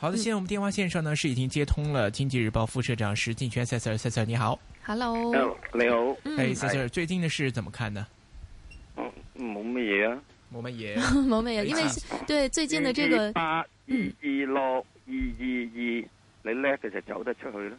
好的，現在我們電話線上呢是已經接通了《經濟日報》副社長石鏡泉 Sir，Sir 你好，Hello，Hello，你好，哎、hey, 最近的事怎麼看呢？嗯、uh,，冇乜嘢啊，冇乜嘢，冇乜嘢，因為、uh. 對最近的這個，八二六二二二，你叻嘅就走得出去咯，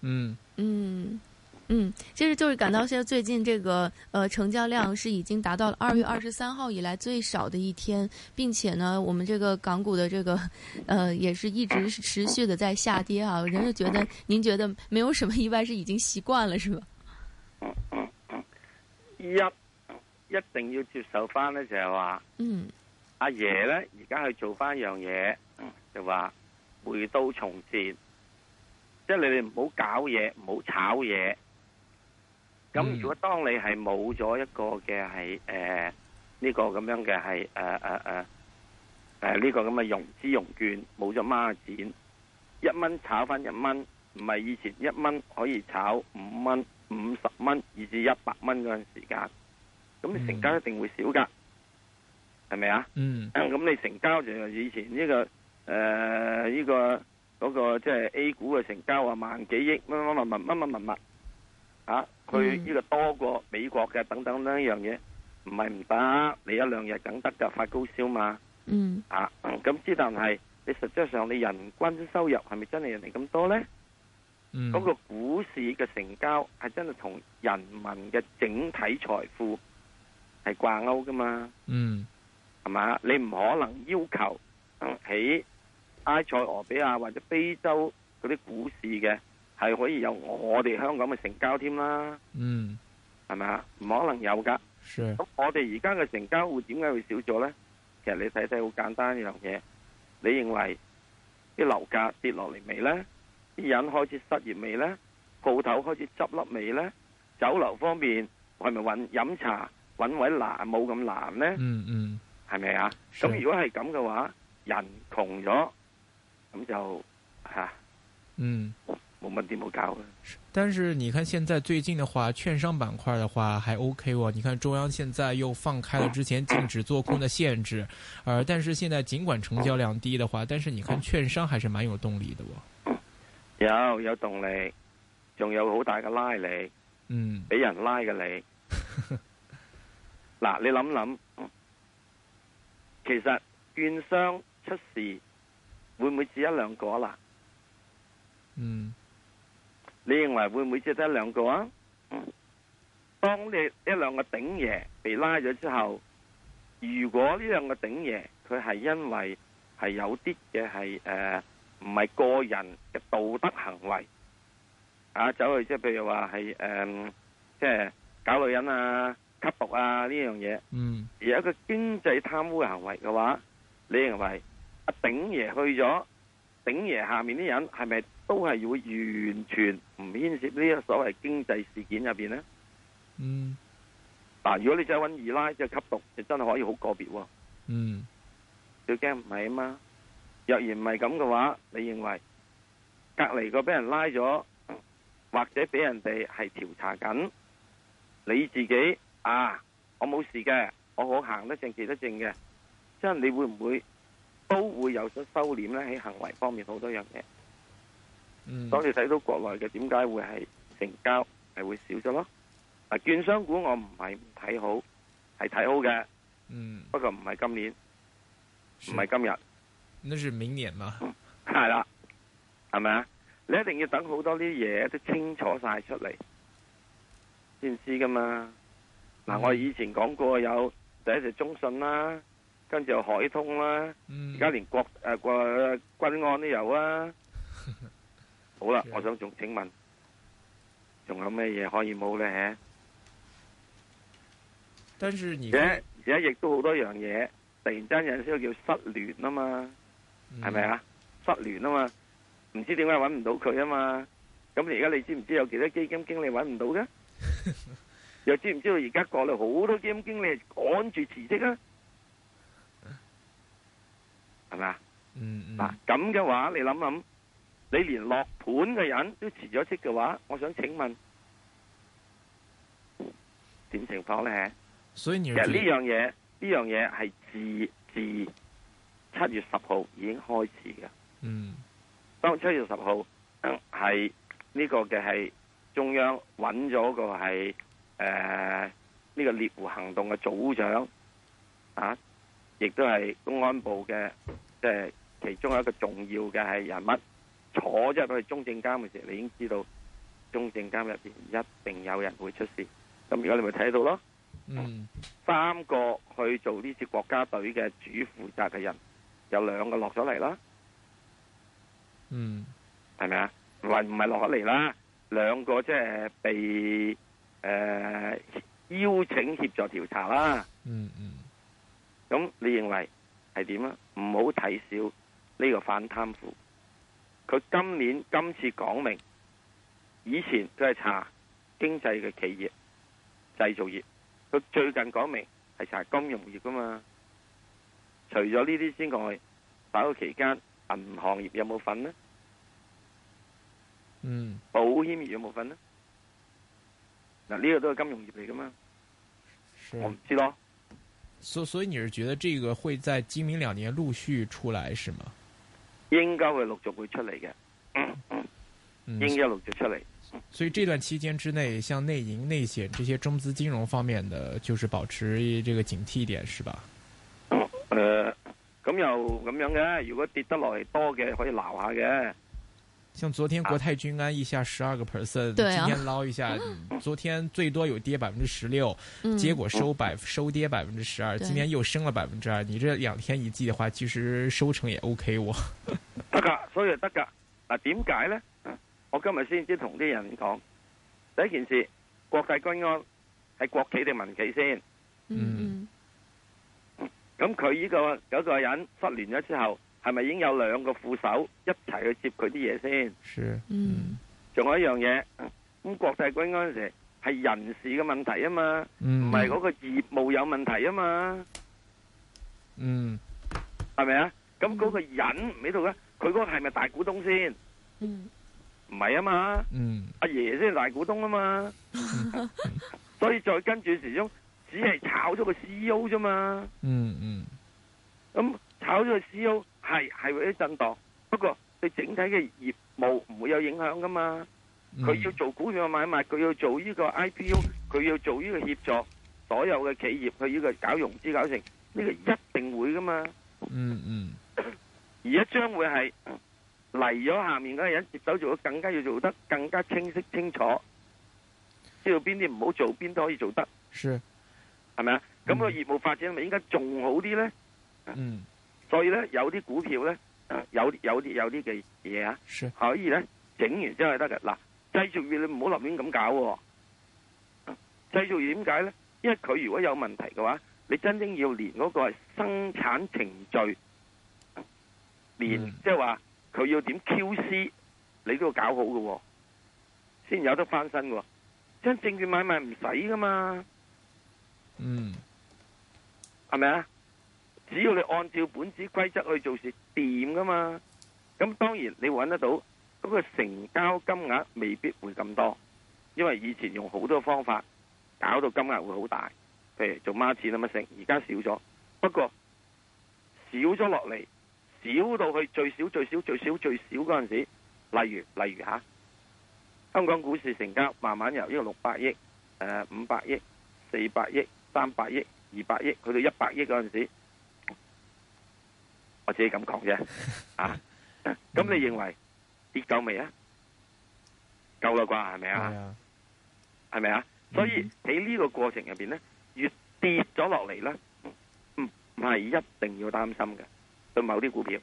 嗯嗯。嗯，其實就是感到現在最近這個呃成交量是已經達到了二月二十三號以來最少的一天，並且呢，我們這個港股的這個呃也是一直持續的在下跌啊。人就覺得，您覺得沒有什麼意外，是已經習慣了，是吧？一一定要接受翻、嗯啊、呢，就係話，阿爺呢而家去做翻一樣嘢，就話、是、回到從前，即、就、係、是、你哋唔好搞嘢，唔好炒嘢。咁、嗯、如果當你係冇咗一個嘅係誒呢個咁樣嘅係誒誒誒誒呢個咁嘅融資融券冇咗孖展，一蚊炒翻一蚊，唔係以前一蚊可以炒五蚊、五十蚊以至一百蚊嗰陣時間，咁你成交一定會少㗎，係、嗯、咪啊？嗯，咁、嗯、你成交就係以前呢、呢個誒呢、呃呢個嗰、嗰個即係 A 股嘅成交啊萬幾億乜乜乜乜乜乜乜乜啊！佢呢個多過美國嘅等等呢一樣嘢，唔係唔得，你一兩日梗得就發高燒嘛。嗯。啊，咁之但係你實際上你人均收入係咪真係人哋咁多呢？嗯。嗰個股市嘅成交係真係同人民嘅整體財富係掛鈎噶嘛？嗯。係嘛？你唔可能要求喺嗯、埃塞俄比亞或者非洲嗰啲股市嘅。係可以有我哋香港嘅成交添啦，嗯，係咪啊？唔可能有噶。咁我哋而家嘅成交會點解會少咗咧？其實你睇睇好簡單呢樣嘢，你認為啲樓價跌落嚟未咧？啲人開始失業未咧？鋪頭開始執笠未咧？酒樓方面係咪揾飲茶揾位難冇咁難咧？嗯嗯，係咪啊？咁如果係咁嘅話，人窮咗，咁就吓、啊，嗯。冇問題，冇搞嘅。但是你看現在最近的話，券商板塊的話還 OK 喎、哦。你看中央現在又放開了之前禁止做空的限制，而、呃、但是現在盡管成交量低的話，但是你看券商還是蠻有動力的喎、哦。有有動力，仲有好大嘅拉力。嗯，俾人拉嘅你。嗱， 你諗諗，其實券商出事會唔會只一兩個啦？嗯。你認為會唔會只得一兩個啊？嗯，當你這一兩個頂爺被拉咗之後，如果呢兩個頂爺佢係因為係有啲嘢係誒唔係個人嘅道德行為啊，走去即係譬如話係誒即係搞女人啊，吸毒啊呢樣嘢，嗯而有一個經濟貪污嘅行為嘅話，你認為阿頂爺去咗頂爺下面啲人係咪？都係會完全唔牽涉呢一所謂經濟事件入邊咧。嗯。嗱、啊，如果你再揾二奶，即、就、係、是、吸毒，就真係可以好個別喎、哦。嗯。最驚唔係啊嘛？若然唔係咁嘅話，你認為隔籬個俾人拉咗，或者俾人哋係調查緊，你自己啊，我冇事嘅，我好行得正企得正嘅，即係你會唔會都會有所收斂咧？喺行為方面好多樣嘢。嗯、當你睇到國內嘅點解會係成交係會少咗咯？啊，券商股我唔係唔睇好，係睇好嘅。嗯，不過唔係今年，唔係今日。那是明年嘛？係 啦，係咪啊？你一定要等好多啲嘢都清楚晒出嚟先知噶嘛？嗱、嗯啊，我以前講過有第一隻中信啦，跟住有海通啦，而、嗯、家連國誒、呃、國君安都有啊。 好啦，我想仲請問，仲有咩嘢可以冇咧？吓，而且而家亦都好多樣嘢，突然間有啲叫失聯啊嘛，係咪啊？失聯啊嘛，唔知點解揾唔到佢啊嘛。咁而家你知唔知有幾多基金經理揾唔到嘅？又知唔知道而家國內好多基金經理趕住辭職啊？係咪啊？嗯嗯。嗱咁嘅話，你諗諗。你連落盤嘅人都辭咗職嘅話，我想請問點情況？咧所以其實呢樣嘢，呢樣嘢係自自七月十號已經開始嘅。嗯，當七月十號，係、嗯、呢、呢個嘅係中央揾咗個係誒呢個獵狐行動嘅組長啊，亦都係公安部嘅，即、就、係、是、其中一個重要嘅係人物。坐咗入去中證監嘅時候，你已經知道中證監入邊一定有人會出事。咁而家你咪睇到咯，嗯，三個去做呢次國家隊嘅主負責嘅人，有兩個落咗嚟啦，嗯，係咪啊？還唔係落咗嚟啦？兩個即係被誒、呃、邀請協助調查啦，嗯嗯。咁你認為係點啊？唔好睇小呢個反貪腐。佢今年今次講明，以前都係查經濟嘅企業、製造業，佢最近講明係查金融業噶嘛。除咗呢啲之外，打個期間，銀行業有冇份呢？嗯，保險業有冇份呢？嗱、啊，呢、呢個都係金融業嚟噶嘛。是我唔知咯。所所以，你係覺得呢個會在今明兩年陸續出來，是嗎？應該會陸續會出嚟嘅，應該陸續，續出嚟、嗯。所以這段期間之內，像內銀、內險，這些中資金融方面的，就是保持這個警惕點，是吧？誒、嗯，咁又咁樣嘅，如果跌得落嚟多嘅，可以撈下嘅。像昨天國泰君安一下十二個 percent，今天撈一下、啊嗯。昨天最多有跌百分之十六，結果收百、嗯、收跌百分之十二，今天又升了百分之二，你這兩天一計嘅話，其、就、實、是、收成也 OK，我。得噶，所以就得噶。嗱，點解咧？我今日先至同啲人講，第一件事，國際軍安係國企定民企先。嗯。咁佢呢個有個人失聯咗之後，係咪已經有兩個副手一齊去接佢啲嘢先？是。嗯。仲有一樣嘢，咁國際軍安嗰陣時係人事嘅問題啊嘛，唔係嗰個業務有問題啊嘛。嗯。係咪啊？咁嗰個人喺度咧？佢嗰個係咪大股東先？唔係啊嘛，阿爺先係大股東啊嘛， 所以再跟住始終，只係炒咗個 C E O 啫嘛。嗯嗯，咁炒咗個 C E O 係係會啲震盪，不過對整體嘅業務唔會有影響噶嘛。佢、嗯、要做股票買賣，佢要做呢個 I P O，佢要做呢個協助所有嘅企業，佢呢個搞融資搞成呢、這個一定會噶嘛。嗯嗯。而一將會係嚟咗下面嗰個人接手做，更加要做得更加清晰清楚，知道邊啲唔好做，邊都可以做得。是，係咪啊？咁、嗯個業務發展咪應該仲好啲咧？嗯，所以咧有啲股票咧，有有啲有啲嘅嘢啊，可以咧整完之後得嘅。嗱，製造業你唔好立亂咁搞喎，哦、製、啊、造點解咧？因為佢如果有問題嘅話，你真正要連嗰個係生產程序。嗯、即係話佢要點 QC，你都要搞好嘅，先有得翻身嘅。真證券買賣唔使噶嘛，嗯，係咪啊？只要你按照本子規則去做事，掂噶嘛。咁當然你揾得到，嗰個成交金額未必會咁多，因為以前用好多方法搞到金額會好大，譬如做孖展啊乜剩，而家少咗，不過少咗落嚟。少到去最少最少最少最少嗰陣時，例如例如吓、啊，香港股市成交慢慢由呢個六百億誒、五百億、四、呃、百億、三百億、二百億去到一百億嗰陣時，我自己咁講啫啊！咁你認為 跌沒夠未啊？夠啦啩，係咪啊？係咪啊？所以喺呢、嗯、個過程入邊咧，越跌咗落嚟咧，唔 係一定要擔心嘅。對某啲股票，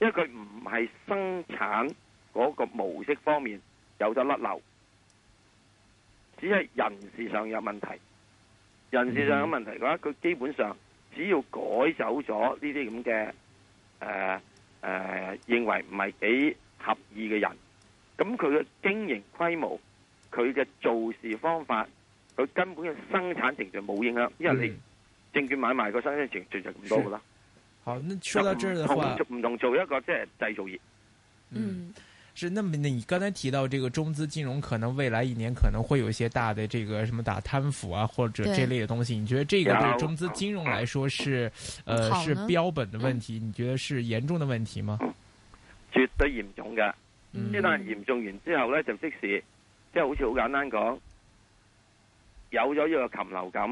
因為佢唔係生產嗰個模式方面有咗甩漏，只係人事上有問題。人事上有問題嘅話，佢基本上只要改走咗呢啲咁嘅誒誒，認為唔係幾合意嘅人，咁佢嘅經營規模、佢嘅做事方法、佢根本嘅生產程序冇影響，因為你證券買賣個生產程序就咁多噶啦。好，那說到這兒的話，唔同做一個即係製造業。嗯，是。那麼你剛才提到這個中資金融，可能未來一年可能會有一些大的這個什麼打貪腐啊或者這類的東西，你覺得這個對中資金融來說是，呃、啊，是標本的問題、嗯？你覺得是嚴重的問題嗎？絕對嚴重的。一旦嚴重完之後呢就即時即係好似好簡單講，有咗呢個禽流感，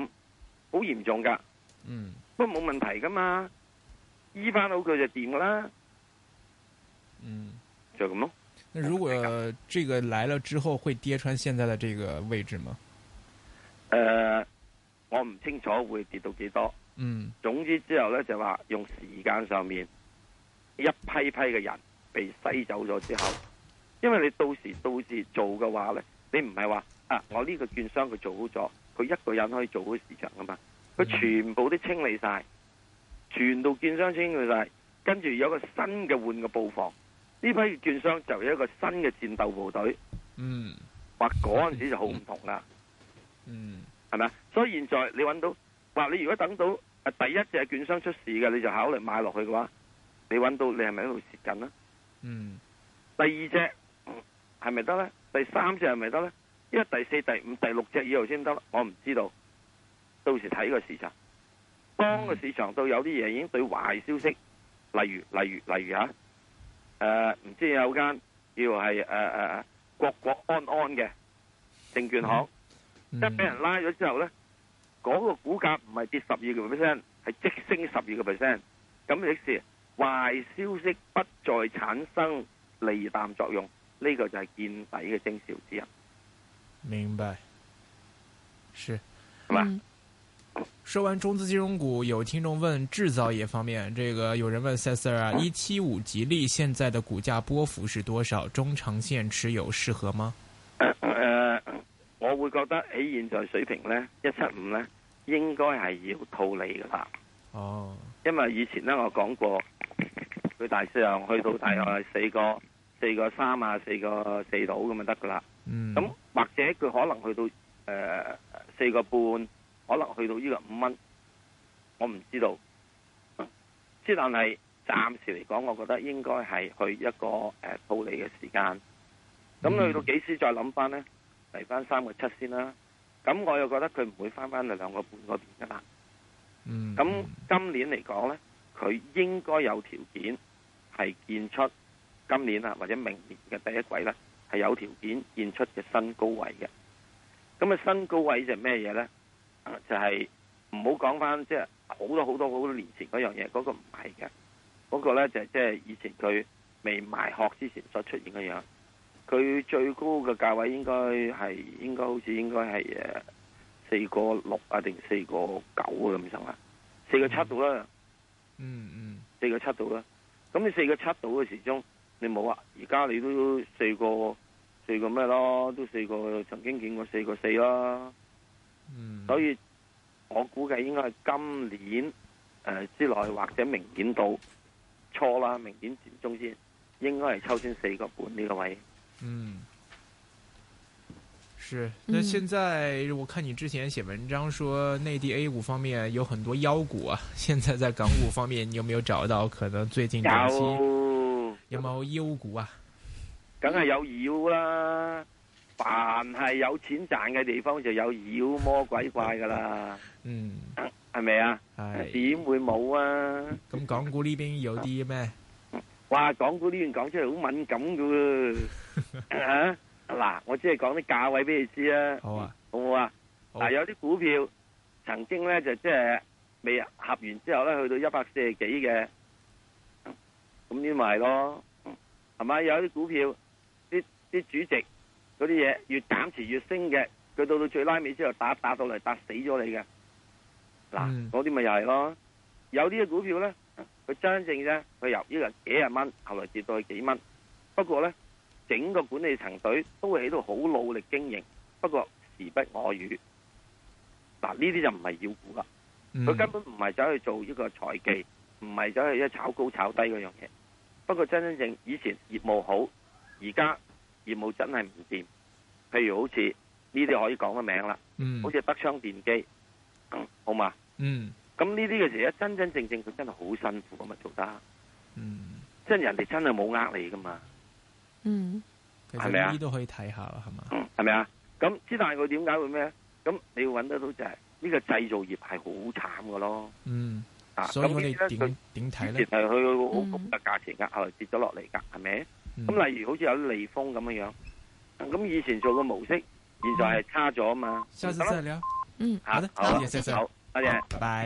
好嚴重噶。嗯，不過冇問題噶嘛。醫返到佢就掂噶啦，嗯，就咁咯。那如果這個來了之後會跌穿現在的這個位置嗎？誒、呃，我唔清楚會跌到幾多。嗯，總之之後呢，就話用時間上面一批批嘅人被篩走咗之後，因為你到時到時做嘅話呢，你唔係話啊，我呢個券商佢做好咗，佢一個人可以做好市場噶嘛，佢、嗯、全部都清理晒。全到券商傾佢晒，跟住有一個新嘅換嘅布防，呢批券商就有一個新嘅戰鬥部隊，嗯，話嗰陣時就好唔同啦，嗯，係咪啊？所以現在你揾到，話你如果等到第一隻券商出事嘅，你就考慮買落去嘅話，你揾到你係咪喺度蝕緊啦？嗯，第二隻係咪得咧？第三隻係咪得咧？因為第四、第五、第六隻以後先得，我唔知道，到時睇個時差。嗯、當個市場都有啲嘢，已經對壞消息，例如例如例如吓，誒、啊、唔知有間叫係誒誒國國安安嘅證券行，一、嗯、俾人拉咗之後咧，嗰、嗯那個股價唔係跌十二個 percent，係即升十二個 percent，咁於是壞消息不再產生利淡作用，呢、這個就係見底嘅徵兆之一。明白，是，嘛、嗯？說完中資金融股，有聽眾問製造業方面，這個有人問石 Sir 啊，一七五吉利現在的股價波幅是多少？中長線持有適合嗎？呃，我會覺得喺現在水平咧，一七五咧，應該係要套利噶啦。哦，因為以前咧，我講過，佢大勢去到大約四個四個三啊，四個四到咁就得噶啦。嗯，咁或者佢可能去到誒，呃，四個半。可能去到呢個五蚊，我唔知道。之但係暫時嚟講，我覺得應該係去一個誒套、呃、利嘅時間。咁、嗯、去到幾時再諗翻呢？嚟翻三個七先啦。咁我又覺得佢唔會翻翻嚟兩個半嗰邊噶啦。咁、嗯、今年嚟講呢，佢應該有條件係見出今年啊，或者明年嘅第一季咧，係有條件見出嘅新高位嘅。咁、那、嘅、個、新高位就咩嘢呢？就係唔好講翻，即係好多好多好多年前嗰樣嘢。嗰個唔係嘅，嗰個咧就係即係以前佢未埋殼之前所出現嘅樣。佢最高嘅價位應該係，應該好似應該係誒四個六啊定四個九啊咁上下，四個七度啦。嗯、mm-hmm. 嗯，四個七度啦。咁你四個七度嘅時鐘，你冇啊？而家你都四個四個咩咯？都四個曾經見過四個四啦。嗯、所以，我估計應該係今年、呃、之內或者明年到，錯啦，明年佔中先，應該係秋天四個半呢個位置。嗯，是。那現在、嗯、我看你之前寫文章說內地 A 股方面有很多妖股啊，現在在港股方面你有沒有找到可能最近短期有冇妖股啊？梗係有妖啦。凡係有錢賺嘅地方就有妖魔鬼怪噶啦，嗯，係咪啊？係點會冇啊？咁港股呢邊有啲咩？哇！港股呢邊講出嚟好敏感嘅喎，嚇嗱，我只係講啲價位俾你知啊，好啊，好唔好啊？嗱，有啲股票曾經咧就即係未合完之後咧去到一百四十幾嘅，咁呢咪咯，係咪啊？有啲股票啲啲主席。嗰啲嘢越減持越升嘅，佢到到最拉尾之後打打到嚟，打死咗你嘅。嗱，嗰啲咪又係咯。有啲嘅股票咧，佢真正咧，佢由一個幾廿蚊，後來跌到去幾蚊。不過咧，整個管理層隊都會喺度好努力經營。不過時不我與，嗱呢啲就唔係妖股啦。佢根本唔係走去做呢個財技，唔係走去一炒高炒低嗰樣嘢。不過真真正以前業務好，而家，業務真係唔掂，譬如好似呢啲可以講個名啦、嗯，好似德昌電機、嗯，好嘛？咁呢啲嘅時候，真真正正佢真係好辛苦咁咪做得，即、嗯、係人哋真係冇呃你噶嘛？係、嗯、咪啊？都可以睇下啦，係嘛？係咪啊？咁之但係佢點解會咩？咁你要搵得到就係、是、呢、呢個製造業係好慘噶咯。嗯，啊，所以我哋點睇咧係佢好高嘅價錢噶，係、嗯、跌咗落嚟噶，係咪？咁、嗯、例如好似有利豐咁樣樣，咁以前做個模式，現在係差咗啊嘛。多謝你啊。嗯。嚇。嗯嗯嗯啊好，好, Sir. 好。好。多謝，謝。拜拜。拜拜。